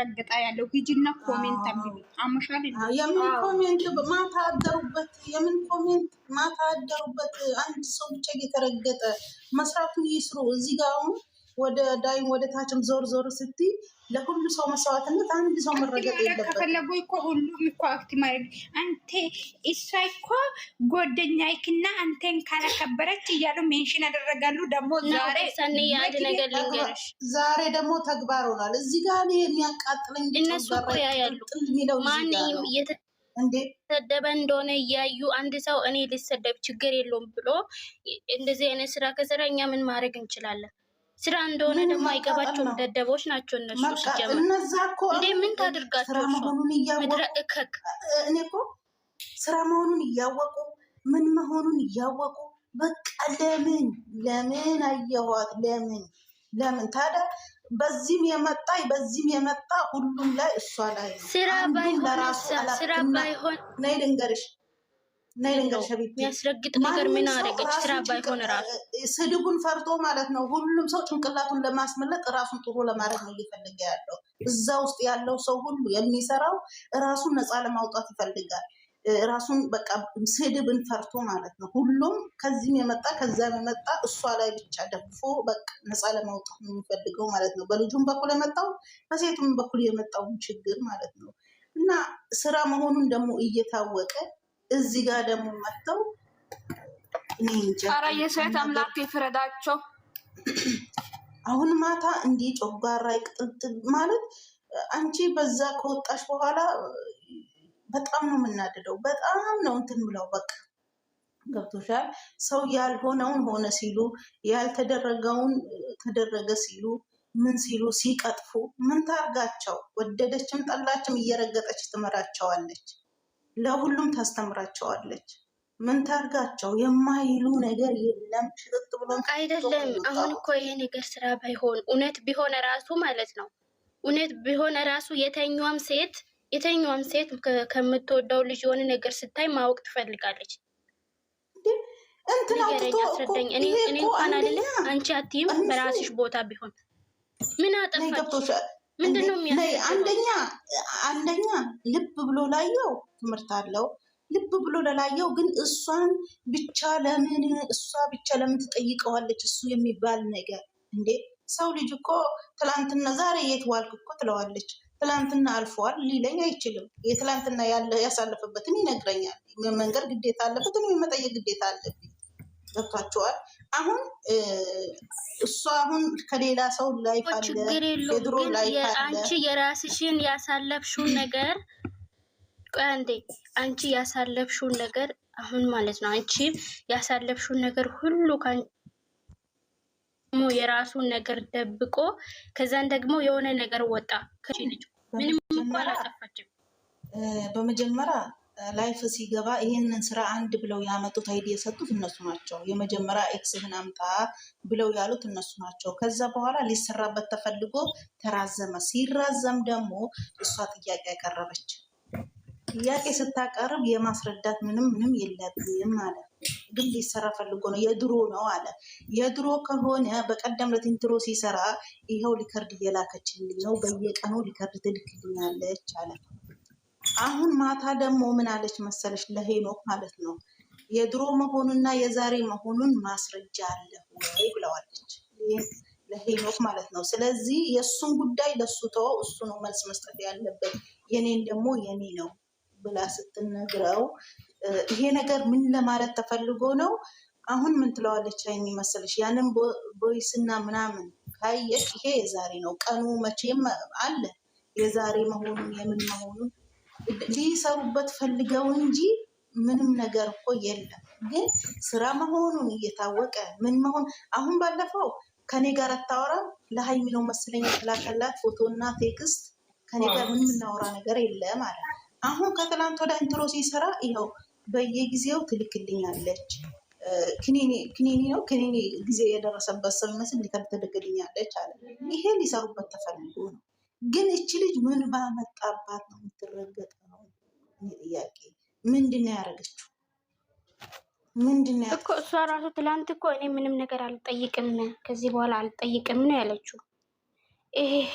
ረግጣ ያለው ሂጂና ኮሜንት አንብቢ። አመሻል የምን ኮሜንት ማታ አደሩበት? የምን ኮሜንት ማታ አደሩበት? አንድ ሰው ብቻ እየተረገጠ መስራቱን ይስሩ። እዚህ ጋር አሁን ወደ ዳይም ወደ ታችም ዞር ዞር ስትይ ለሁሉ ሰው መስዋዕትነት አንድ ሰው መረገጥ የለበት። ከፈለጉ እኮ ሁሉም እኮ አክቲ ማድረግ አንተ እሷ እኮ ይክና አንተን ካላከበረች እያሉ ሜንሽን ያደረጋሉ። ደግሞ ዛሬ ያድ ነገር ልንገርሽ፣ ዛሬ ደግሞ ተግባር ሆኗል። እዚህ ጋር እኔ የሚያቃጥለኝ እነሱ እኮ ያያሉ ማን የተሰደበ እንደሆነ እያዩ አንድ ሰው እኔ ልሰደብ ችግር የለውም ብሎ እንደዚህ አይነት ስራ ከሰራ እኛ ምን ማድረግ እንችላለን? ስራ እንደሆነ ደግሞ አይገባቸውም። ደደቦች ናቸው እነሱ። ሲጀምር እንዴ ምን ታደርጋቸው? ምድረ እኔ እኮ ስራ መሆኑን እያወቁ ምን መሆኑን እያወቁ በቃ ለምን ለምን አየዋት ለምን ለምን ታዲያ በዚህም የመጣ በዚህም የመጣ ሁሉም ላይ እሷ ላይ ስራ ባይሆን ስራ ባይሆን ነይ ልንገርሽ የሚያስረግጥ ነገር ምን አደረገች? ስራ ባይሆን ራሱ ስድቡን ፈርቶ ማለት ነው። ሁሉም ሰው ጭንቅላቱን ለማስመለጥ ራሱን ጥሩ ለማድረግ ነው እየፈለገ ያለው። እዛ ውስጥ ያለው ሰው ሁሉ የሚሰራው ራሱን ነፃ ለማውጣት ይፈልጋል። ራሱን በቃ ስድብን ፈርቶ ማለት ነው። ሁሉም ከዚህም የመጣ ከዚያም የመጣ እሷ ላይ ብቻ ደግፎ በቃ ነፃ ለማውጣት ነው የሚፈልገው ማለት ነው። በልጁም በኩል የመጣው በሴቱም በኩል የመጣውን ችግር ማለት ነው እና ስራ መሆኑን ደግሞ እየታወቀ እዚህ ጋር ደግሞ መጥተው ኧረ የሴት አምላክ ይፍረዳቸው። አሁን ማታ እንዲህ ጮጋራ ይቅጥልጥል ማለት አንቺ በዛ ከወጣሽ በኋላ በጣም ነው የምናደደው። በጣም ነው እንትን ብለው በቃ ገብቶሻል። ሰው ያልሆነውን ሆነ ሲሉ፣ ያልተደረገውን ተደረገ ሲሉ፣ ምን ሲሉ ሲቀጥፉ ምን ታርጋቸው? ወደደችም ጠላችም እየረገጠች ትመራቸዋለች። ለሁሉም ታስተምራቸዋለች። ምን ታርጋቸው የማይሉ ነገር የለም። ሽጥጥ ብሎ አይደለም። አሁን እኮ ይሄ ነገር ስራ ባይሆን እውነት ቢሆን ራሱ ማለት ነው እውነት ቢሆን ራሱ የተኛም ሴት የተኛም ሴት ከምትወደው ልጅ የሆነ ነገር ስታይ ማወቅ ትፈልጋለች። እንትን አውጥቶ እኔ እንኳን አንቺ አትይም በራስሽ ቦታ ቢሆን ምን አጠፋች? ምንድነው? አንደኛ አንደኛ ልብ ብሎ ላየው ትምህርት አለው። ልብ ብሎ ለላየው ግን እሷን ብቻ ለምን እሷ ብቻ ለምን ትጠይቀዋለች? እሱ የሚባል ነገር እንዴ! ሰው ልጅ እኮ ትላንትና ዛሬ የት ዋልክ እኮ ትለዋለች። ትላንትና አልፈዋል ሊለኝ አይችልም። የትላንትና ያሳለፈበትን ይነግረኛል። መንገድ ግዴታ አለበት፣ የመጠየቅ ግዴታ አለብኝ። ገብቷቸዋል። አሁን እሷ አሁን ከሌላ ሰው ላይ ችግር የለውም። አንቺ የራስሽን ያሳለፍሽውን ነገር አንዴ አንቺ ያሳለፍሽውን ነገር አሁን ማለት ነው አንቺ ያሳለፍሽውን ነገር ሁሉ ደግሞ የራሱን ነገር ደብቆ ከዛን ደግሞ የሆነ ነገር ወጣ። ምንም እንኳን አላጠፋችም በመጀመሪያ ላይፍ ሲገባ ይህንን ስራ አንድ ብለው ያመጡት አይዲ የሰጡት እነሱ ናቸው። የመጀመሪያ ኤክስህን አምጣ ብለው ያሉት እነሱ ናቸው። ከዛ በኋላ ሊሰራበት ተፈልጎ ተራዘመ። ሲራዘም ደግሞ እሷ ጥያቄ ያቀረበች። ጥያቄ ስታቀርብ የማስረዳት ምንም ምንም የለብም አለ። ግን ሊሰራ ፈልጎ ነው የድሮ ነው አለ። የድሮ ከሆነ በቀደም ለትንትሮ ሲሰራ ይኸው ሊከርድ እየላከችልኝ ነው፣ በየቀኑ ሊከርድ ትልክልኛለች አለ። አሁን ማታ ደግሞ ምን አለች መሰለች ለሄኖክ ማለት ነው የድሮ መሆኑና የዛሬ መሆኑን ማስረጃ አለ ወይ ብለዋለች ለሄኖክ ማለት ነው። ስለዚህ የእሱን ጉዳይ ለሱ ተወ፣ እሱ ነው መልስ መስጠት ያለበት፣ የኔን ደግሞ የኔ ነው ብላ ስትነግረው ይሄ ነገር ምን ለማለት ተፈልጎ ነው? አሁን ምን ትለዋለች ላይ የሚመስልሽ ያንን ቦይስና ምናምን ካየች ይሄ የዛሬ ነው ቀኑ መቼም አለ የዛሬ መሆኑን የምን መሆኑን ሊሰሩበት ፈልገው እንጂ ምንም ነገር እኮ የለም። ግን ስራ መሆኑን እየታወቀ ምን መሆን አሁን ባለፈው ከኔ ጋር አታወራም ለሀይሚ ነው መሰለኝ የተላከላት ፎቶና ቴክስት ከኔ ጋር ምን የምናወራ ነገር የለም አለ። አሁን ከትላንት ወደ እንትሮ ሲሰራ ይኸው በየጊዜው ትልክልኛለች። ክኒኒ ነው ክኒኒ ጊዜ የደረሰበት ሰው ይመስል ሊከብ ትልክልኛለች አለ። ይሄ ሊሰሩበት ተፈልጎ ነው። ግን እች ልጅ ምን ባመጣባት ነው የምትረገጠው? ምንድን ነው ያደረገችው? ምንድን ነው እኮ እሷ ራሱ ትላንት እኮ እኔ ምንም ነገር አልጠይቅም፣ ከዚህ በኋላ አልጠይቅም ነው ያለችው። ይሄ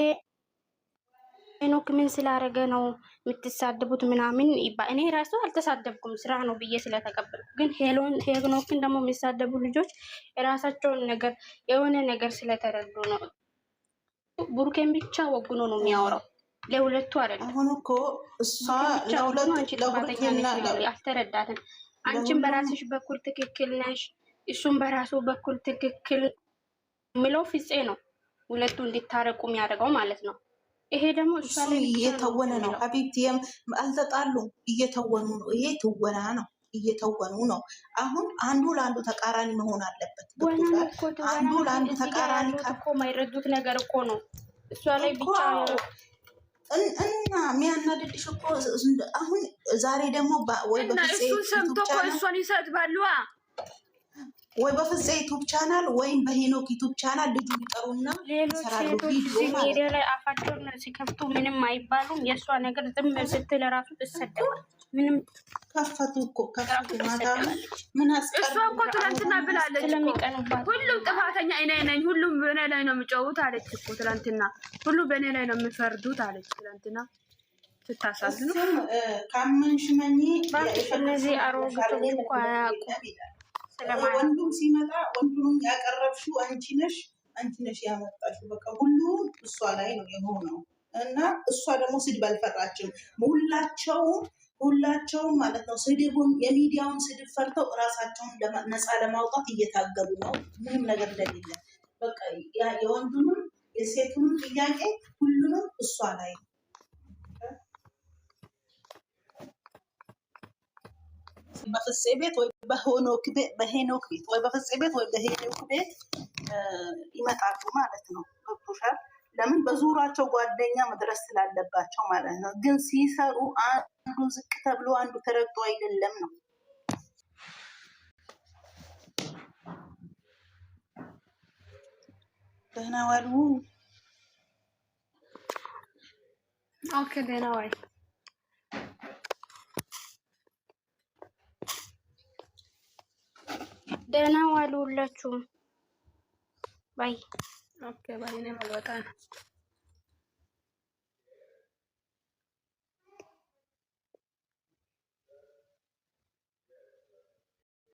ሄኖክ ምን ስላደረገ ነው የምትሳደቡት? ምናምን ይባ እኔ ራሱ አልተሳደብኩም ስራ ነው ብዬ ስለተቀበልኩ። ግን ሄኖክን ደግሞ የሚሳደቡ ልጆች የራሳቸውን ነገር የሆነ ነገር ስለተረዱ ነው። ቡሩኬን ብቻ ወግኖ ነው የሚያወራው። ለሁለቱ አይደለም። አሁን እኮ እሷ ለሁለቱ አልተረዳትም። አንቺም በራስሽ በኩል ትክክል ነሽ፣ እሱም በራሱ በኩል ትክክል ምለው ፍፄ ነው ሁለቱ እንዲታረቁ የሚያደርገው ማለት ነው። ይሄ ደግሞ እሷ እየተወነ ነው ሀቢብቲ፣ አልተጣሉም፣ እየተወኑ ነው። ይሄ ትወና ነው፣ እየተወኑ ነው። አሁን አንዱ ለአንዱ ተቃራኒ መሆን አለበት። አንዱ ለአንዱ ተቃራኒ እኮ የማይረዱት ነገር እኮ ነው እሷ ላይ ብቻ እና የሚያናድድሽ እኮ አሁን ዛሬ ደግሞ ወይ ሰምቶ እሷን ይሰድባሉ። ወይ በፍፄ ዩቱብ ቻናል ወይም በሄኖክ ዩቱብ ቻናል ልጁ ይጠሩና ሌሎች ሴቶች ላይ አፋቸውን ሲከፍቱ ምንም አይባሉም። የእሷ ነገር ዝም ስትል ራሱ ትሰደባል ምንም ከፈቱ እኮ ከፈቱ። ማታ ምን አስቀር እኮ ትላንትና ብላለች። ሁሉም ጥፋተኛ እኔ ነኝ፣ ሁሉም በእኔ ላይ ነው የሚጫወቱት አለች እኮ ትላንትና። ሁሉ በእኔ ላይ ነው የሚፈርዱት አለች ትላንትና። ስታሳዝኑ ካመንሽመኝ እነዚህ አሮጋቶች እኮ አያውቁም። ወንዱም ሲመጣ ወንዱንም ያቀረብሽው አንቺ ነሽ፣ አንቺ ነሽ ያመጣሽው። በቃ ሁሉም እሷ ላይ ነው የሆነው እና እሷ ደግሞ ስድብ አልፈራችም ሁላቸውም ሁላቸውም ማለት ነው ስድቡን የሚዲያውን ስድብ ፈርተው እራሳቸውን ነፃ ለማውጣት እየታገሉ ነው። ምንም ነገር እንደሌለ በቃ የወንዱንም የሴቱንም ጥያቄ ሁሉንም እሷ ላይ በፍፄ ቤት ወይ በሄኖክ ቤት ወይ በፍፄ ቤት ወይ በሄኖክ ቤት ይመጣሉ ማለት ነው ገብቶሻል። ለምን በዙራቸው ጓደኛ መድረስ ስላለባቸው ማለት ነው። ግን ሲሰሩ አንዱ ዝቅ ተብሎ አንዱ ተረግጦ አይደለም ነው። ደህና ዋሉ። ኦኬ ደህና ዋይ ደህና ዋሉ ሁላችሁም ባይ ओके भाई ने मुझे बताया